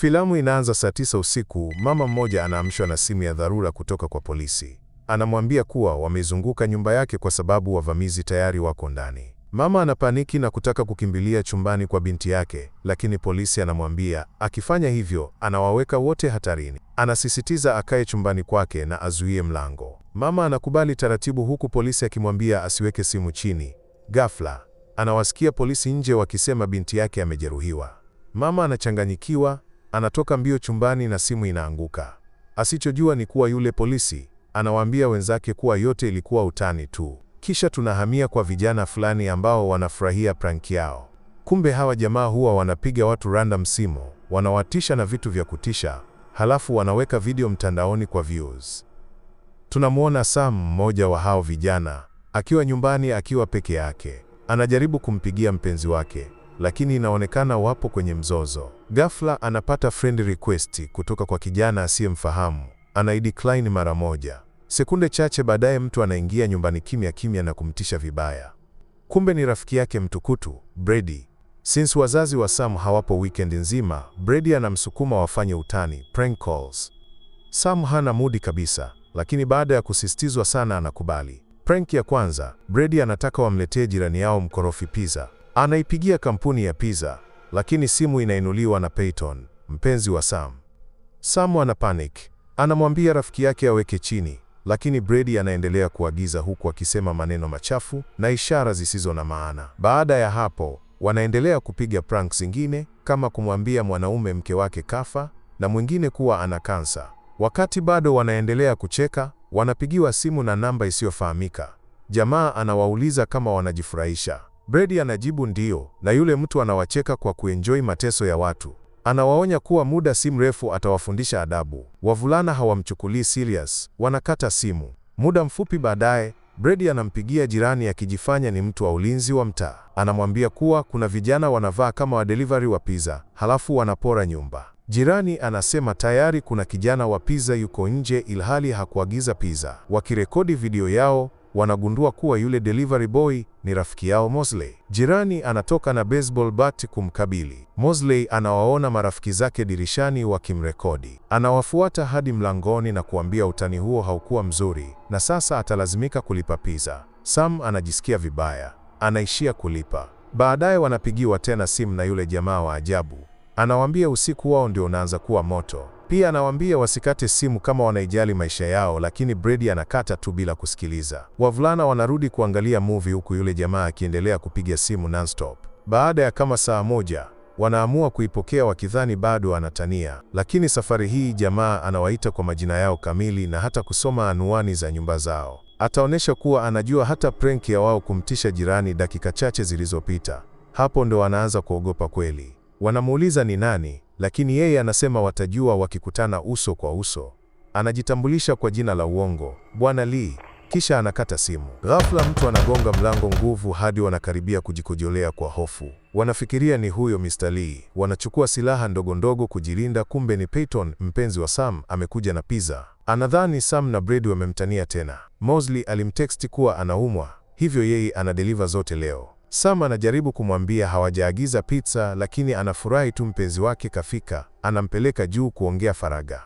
Filamu inaanza saa tisa usiku. Mama mmoja anaamshwa na simu ya dharura kutoka kwa polisi. Anamwambia kuwa wamezunguka nyumba yake kwa sababu wavamizi tayari wako ndani. Mama anapaniki na kutaka kukimbilia chumbani kwa binti yake, lakini polisi anamwambia akifanya hivyo anawaweka wote hatarini. Anasisitiza akae chumbani kwake na azuie mlango. Mama anakubali taratibu, huku polisi akimwambia asiweke simu chini. Ghafla anawasikia polisi nje wakisema binti yake amejeruhiwa. Mama anachanganyikiwa Anatoka mbio chumbani na simu inaanguka. Asichojua ni kuwa yule polisi anawaambia wenzake kuwa yote ilikuwa utani tu. Kisha tunahamia kwa vijana fulani ambao wanafurahia prank yao. Kumbe hawa jamaa huwa wanapiga watu random simu, wanawatisha na vitu vya kutisha, halafu wanaweka video mtandaoni kwa views. Tunamwona Sam, mmoja wa hao vijana, akiwa nyumbani akiwa peke yake, anajaribu kumpigia mpenzi wake lakini inaonekana wapo kwenye mzozo. Ghafla anapata friend request kutoka kwa kijana asiyemfahamu, anaidecline mara moja. Sekunde chache baadaye mtu anaingia nyumbani kimya kimya na kumtisha vibaya. Kumbe ni rafiki yake mtukutu Brady. Since wazazi wa Sam hawapo weekend nzima, Brady anamsukuma wafanye utani, prank calls. Sam hana mudi kabisa, lakini baada ya kusisitizwa sana anakubali. Prank ya kwanza, Brady anataka wamletee jirani yao mkorofi pizza. Anaipigia kampuni ya pizza, lakini simu inainuliwa na Peyton, mpenzi wa Sam. Sam ana panic, anamwambia rafiki yake aweke chini, lakini Brady anaendelea kuagiza huku akisema maneno machafu na ishara zisizo na maana. Baada ya hapo, wanaendelea kupiga prank zingine kama kumwambia mwanaume mke wake kafa na mwingine kuwa ana kansa. Wakati bado wanaendelea kucheka, wanapigiwa simu na namba isiyofahamika. Jamaa anawauliza kama wanajifurahisha. Brady anajibu ndio na yule mtu anawacheka kwa kuenjoy mateso ya watu. Anawaonya kuwa muda si mrefu atawafundisha adabu. Wavulana hawamchukulii serious, wanakata simu. Muda mfupi baadaye, Brady anampigia jirani akijifanya ni mtu wa ulinzi wa mtaa. Anamwambia kuwa kuna vijana wanavaa kama wa delivery wa pizza, halafu wanapora nyumba. Jirani anasema tayari kuna kijana wa pizza yuko nje ilhali hakuagiza pizza. Wakirekodi video yao, wanagundua kuwa yule delivery boy ni rafiki yao Mosley. Jirani anatoka na baseball bat kumkabili. Mosley anawaona marafiki zake dirishani wakimrekodi. Anawafuata hadi mlangoni na kuambia utani huo haukuwa mzuri na sasa atalazimika kulipa pizza. Sam anajisikia vibaya, anaishia kulipa. Baadaye wanapigiwa tena simu na yule jamaa wa ajabu. Anawaambia usiku wao ndio unaanza kuwa moto. Pia anawaambia wasikate simu kama wanaijali maisha yao, lakini Brady anakata tu bila kusikiliza. Wavulana wanarudi kuangalia movie huku yule jamaa akiendelea kupiga simu nonstop. Baada ya kama saa moja wanaamua kuipokea wakidhani bado anatania, lakini safari hii jamaa anawaita kwa majina yao kamili na hata kusoma anwani za nyumba zao. Ataonyesha kuwa anajua hata prank ya wao kumtisha jirani dakika chache zilizopita. Hapo ndo wanaanza kuogopa kweli. Wanamuuliza ni nani, lakini yeye anasema watajua wakikutana uso kwa uso. Anajitambulisha kwa jina la uongo, Bwana Lee, kisha anakata simu. Ghafla mtu anagonga mlango nguvu hadi wanakaribia kujikojolea kwa hofu. Wanafikiria ni huyo Mr. Lee, wanachukua silaha ndogo ndogo kujilinda, kumbe ni Peyton, mpenzi wa Sam, amekuja na pizza. Anadhani Sam na Brady wamemtania tena. Mosley alimteksti kuwa anaumwa, hivyo yeye anadeliver zote leo. Sam anajaribu kumwambia hawajaagiza pizza, lakini anafurahi tu mpenzi wake kafika, anampeleka juu kuongea faraga.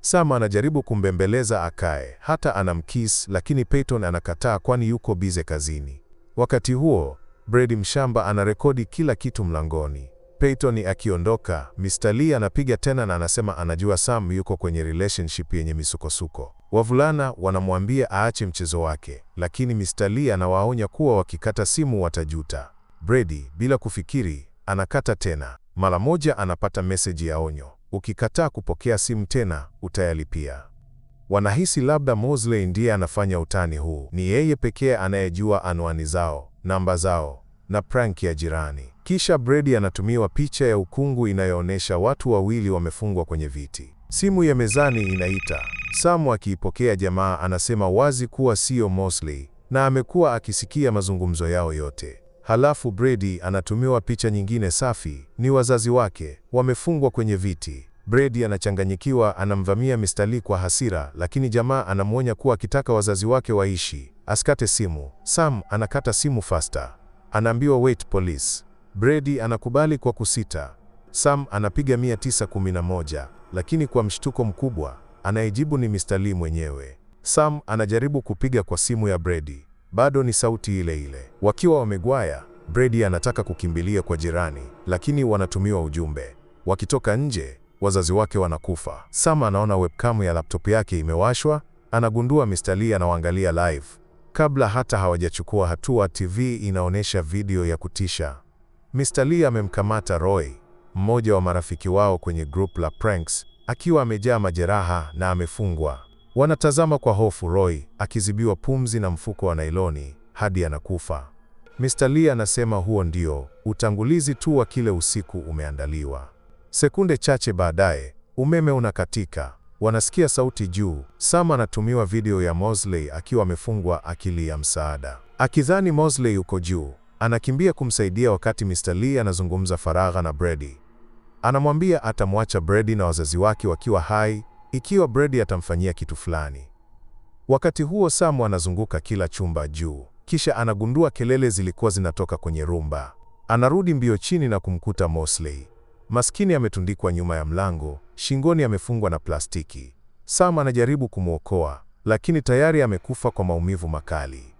Sam anajaribu kumbembeleza akae, hata anamkiss, lakini Peyton anakataa kwani yuko bize kazini. Wakati huo, Brady Mshamba anarekodi kila kitu mlangoni. Peyton akiondoka, Mr. Lee anapiga tena na anasema anajua Sam yuko kwenye relationship yenye misukosuko. Wavulana wanamwambia aache mchezo wake, lakini Mr. Lee anawaonya kuwa wakikata simu watajuta. Brady, bila kufikiri, anakata tena. Mara moja anapata meseji ya onyo, ukikataa kupokea simu tena utayalipia. Wanahisi labda Mosley ndiye anafanya utani huu, ni yeye pekee anayejua anwani zao, namba zao na prank ya jirani. Kisha Brady anatumiwa picha ya ukungu inayoonyesha watu wawili wamefungwa kwenye viti. Simu ya mezani inaita. Sam akiipokea, jamaa anasema wazi kuwa siyo Mosley na amekuwa akisikia mazungumzo yao yote. Halafu Brady anatumiwa picha nyingine safi, ni wazazi wake wamefungwa kwenye viti. Brady anachanganyikiwa, anamvamia Mr. Lee kwa hasira, lakini jamaa anamwonya kuwa akitaka wazazi wake waishi asikate simu. Sam anakata simu faster, anaambiwa wait police. Brady anakubali kwa kusita. Sam anapiga 911 lakini kwa mshtuko mkubwa anayejibu ni Mr. Lee mwenyewe. Sam anajaribu kupiga kwa simu ya Brady, bado ni sauti ile ile. Wakiwa wamegwaya, Brady anataka kukimbilia kwa jirani, lakini wanatumiwa ujumbe. Wakitoka nje, wazazi wake wanakufa. Sam anaona webcam ya laptop yake imewashwa, anagundua Mr. Lee anawaangalia live. Kabla hata hawajachukua hatua, TV inaonyesha video ya kutisha. Mr. Lee amemkamata Roy, mmoja wa marafiki wao kwenye group la pranks, akiwa amejaa majeraha na amefungwa. Wanatazama kwa hofu Roy akizibiwa pumzi na mfuko wa nailoni hadi anakufa. Mr. Lee anasema huo ndio utangulizi tu wa kile usiku umeandaliwa. Sekunde chache baadaye, umeme unakatika. Wanasikia sauti juu. Sam anatumiwa video ya Mosley akiwa amefungwa akilia msaada, akidhani Mosley yuko juu. Anakimbia kumsaidia wakati Mr. Lee anazungumza faragha na Brady. Anamwambia atamwacha Brady na wazazi wake wakiwa hai ikiwa Brady atamfanyia kitu fulani. Wakati huo Sam anazunguka kila chumba juu, kisha anagundua kelele zilikuwa zinatoka kwenye rumba. Anarudi mbio chini na kumkuta Mosley. Maskini ametundikwa nyuma ya mlango, shingoni amefungwa na plastiki. Sam anajaribu kumwokoa, lakini tayari amekufa kwa maumivu makali.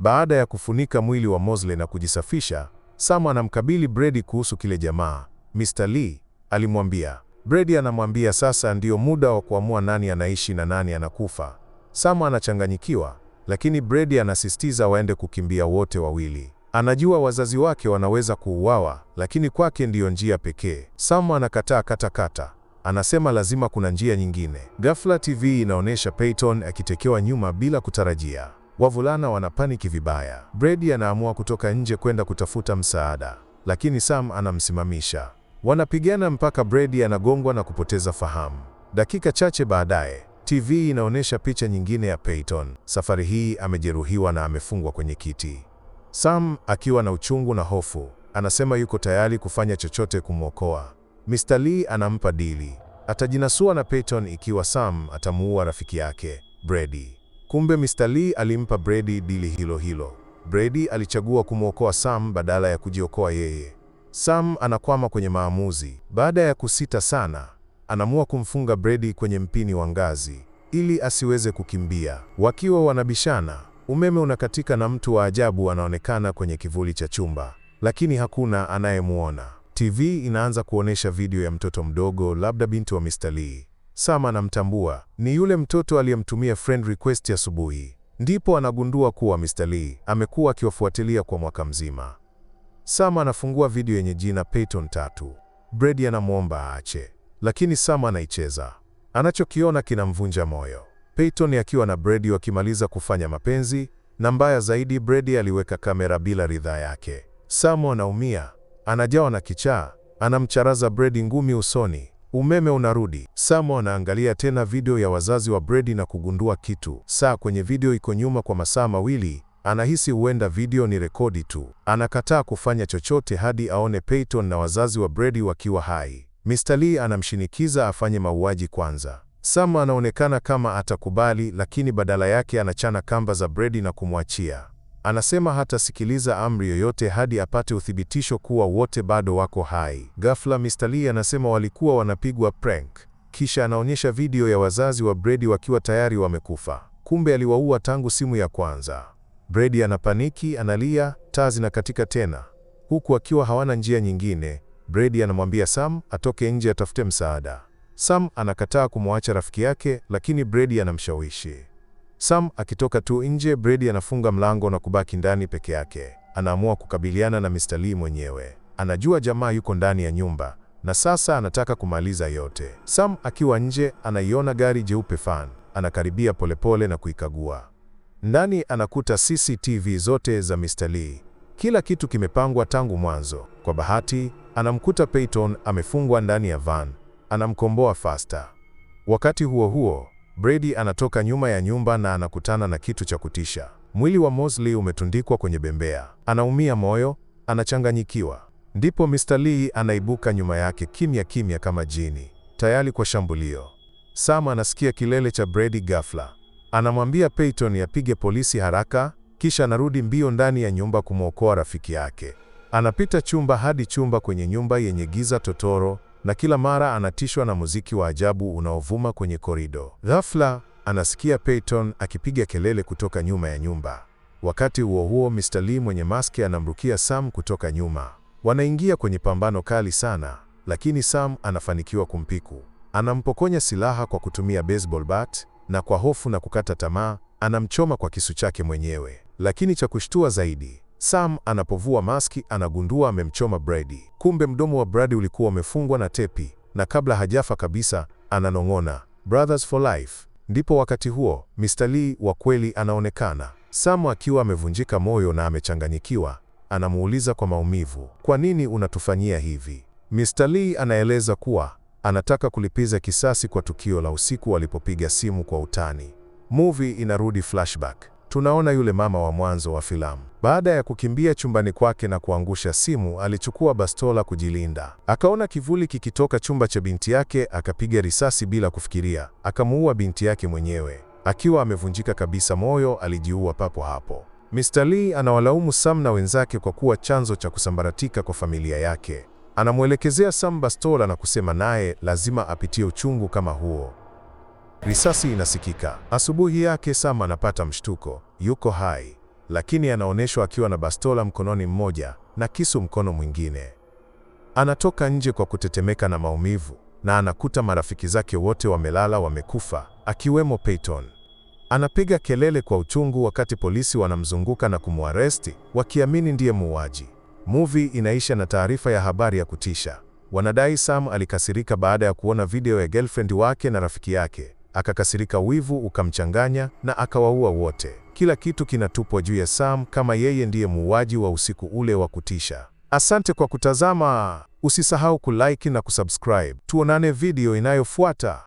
Baada ya kufunika mwili wa Mosley na kujisafisha, Sam anamkabili Brady kuhusu kile jamaa Mr. Lee alimwambia. Brady anamwambia sasa ndiyo muda wa kuamua nani anaishi na nani anakufa. Sam anachanganyikiwa, lakini Brady anasisitiza waende kukimbia wote wawili. Anajua wazazi wake wanaweza kuuawa, lakini kwake ndiyo njia pekee. Sam anakataa katakata, anasema lazima kuna njia nyingine. Ghafla TV inaonyesha Peyton akitekewa nyuma bila kutarajia. Wavulana wanapaniki vibaya. Brady anaamua kutoka nje kwenda kutafuta msaada, lakini Sam anamsimamisha. Wanapigana mpaka Brady anagongwa na kupoteza fahamu. Dakika chache baadaye, TV inaonyesha picha nyingine ya Peyton. Safari hii amejeruhiwa na amefungwa kwenye kiti. Sam akiwa na uchungu na hofu, anasema yuko tayari kufanya chochote kumwokoa. Mr. Lee anampa dili. Atajinasua na Peyton ikiwa Sam atamuua rafiki yake Brady. Kumbe Mr. Lee alimpa Brady dili hilo hilo. Brady alichagua kumwokoa Sam badala ya kujiokoa yeye. Sam anakwama kwenye maamuzi. Baada ya kusita sana, anaamua kumfunga Brady kwenye mpini wa ngazi ili asiweze kukimbia. Wakiwa wanabishana, umeme unakatika na mtu wa ajabu anaonekana kwenye kivuli cha chumba, lakini hakuna anayemwona. TV inaanza kuonesha video ya mtoto mdogo, labda binti wa Mr. Lee. Sama anamtambua, ni yule mtoto aliyemtumia friend request asubuhi. Ndipo anagundua kuwa Mr. Lee amekuwa akiwafuatilia kwa mwaka mzima. Sama anafungua video yenye jina Peyton tatu. Brady anamwomba aache, lakini Sama anaicheza. Anachokiona kinamvunja moyo. Peyton akiwa na Brady wakimaliza kufanya mapenzi, na mbaya zaidi, Brady aliweka kamera bila ridhaa yake. Sama anaumia, anajawa na kichaa, anamcharaza Brady ngumi usoni. Umeme unarudi. Samo anaangalia tena video ya wazazi wa Brady na kugundua kitu. Saa kwenye video iko nyuma kwa masaa mawili. Anahisi huenda video ni rekodi tu. Anakataa kufanya chochote hadi aone Peyton na wazazi wa Brady wakiwa hai. Mr. Lee anamshinikiza afanye mauaji kwanza. samu anaonekana kama atakubali, lakini badala yake anachana kamba za Brady na kumwachia. Anasema hatasikiliza amri yoyote hadi apate uthibitisho kuwa wote bado wako hai. Ghafla Mr. Lee anasema walikuwa wanapigwa prank, kisha anaonyesha video ya wazazi wa Brady wakiwa tayari wamekufa. Kumbe aliwaua tangu simu ya kwanza. Brady anapaniki, analia, taa zinakatika tena. Huku akiwa hawana njia nyingine, Brady anamwambia Sam atoke nje atafute msaada. Sam anakataa kumwacha rafiki yake, lakini Brady anamshawishi. Sam akitoka tu nje, Brady anafunga mlango na kubaki ndani peke yake. Anaamua kukabiliana na Mr. Lee mwenyewe. Anajua jamaa yuko ndani ya nyumba na sasa anataka kumaliza yote. Sam akiwa nje, anaiona gari jeupe fan. Anakaribia polepole na kuikagua. Ndani anakuta CCTV zote za Mr. Lee. Kila kitu kimepangwa tangu mwanzo. Kwa bahati, anamkuta Peyton amefungwa ndani ya van. Anamkomboa Faster. Wakati huo huo, Brady anatoka nyuma ya nyumba na anakutana na kitu cha kutisha. Mwili wa Mosley umetundikwa kwenye bembea. Anaumia moyo, anachanganyikiwa. Ndipo Mr. Lee anaibuka nyuma yake kimya kimya kama jini, tayari kwa shambulio. Sam anasikia kilele cha Brady ghafla. Anamwambia Peyton apige polisi haraka, kisha anarudi mbio ndani ya nyumba kumwokoa rafiki yake. Anapita chumba hadi chumba kwenye nyumba yenye giza totoro na kila mara anatishwa na muziki wa ajabu unaovuma kwenye korido. Ghafla anasikia Peyton akipiga kelele kutoka nyuma ya nyumba. Wakati huo huo, Mr. Lee mwenye maski anamrukia Sam kutoka nyuma. Wanaingia kwenye pambano kali sana, lakini Sam anafanikiwa kumpiku. Anampokonya silaha kwa kutumia baseball bat na kwa hofu na kukata tamaa, anamchoma kwa kisu chake mwenyewe. Lakini cha kushtua zaidi, Sam anapovua maski anagundua amemchoma Brady. Kumbe mdomo wa Brady ulikuwa umefungwa na tepi, na kabla hajafa kabisa ananong'ona Brothers for life. Ndipo wakati huo Mr. Lee wa kweli anaonekana. Sam akiwa amevunjika moyo na amechanganyikiwa, anamuuliza kwa maumivu, kwa nini unatufanyia hivi? Mr. Lee anaeleza kuwa anataka kulipiza kisasi kwa tukio la usiku walipopiga simu kwa utani. Movie inarudi flashback. Tunaona yule mama wa mwanzo wa filamu. Baada ya kukimbia chumbani kwake na kuangusha simu, alichukua bastola kujilinda. Akaona kivuli kikitoka chumba cha binti yake, akapiga risasi bila kufikiria, akamuua binti yake mwenyewe. Akiwa amevunjika kabisa moyo, alijiua papo hapo. Mr. Lee anawalaumu Sam na wenzake kwa kuwa chanzo cha kusambaratika kwa familia yake. Anamwelekezea Sam bastola na kusema naye lazima apitie uchungu kama huo. Risasi inasikika. Asubuhi yake Sam anapata mshtuko, yuko hai, lakini anaonyeshwa akiwa na bastola mkononi mmoja na kisu mkono mwingine. Anatoka nje kwa kutetemeka na maumivu na anakuta marafiki zake wote wamelala wamekufa, akiwemo Peyton. Anapiga kelele kwa uchungu wakati polisi wanamzunguka na kumwaresti wakiamini ndiye muuaji. Movie inaisha na taarifa ya habari ya kutisha. Wanadai Sam alikasirika baada ya kuona video ya girlfriend wake na rafiki yake Akakasirika, wivu ukamchanganya na akawaua wote. Kila kitu kinatupwa juu ya Sam kama yeye ndiye muuaji wa usiku ule wa kutisha. Asante kwa kutazama, usisahau kulike na kusubscribe. Tuonane video inayofuata.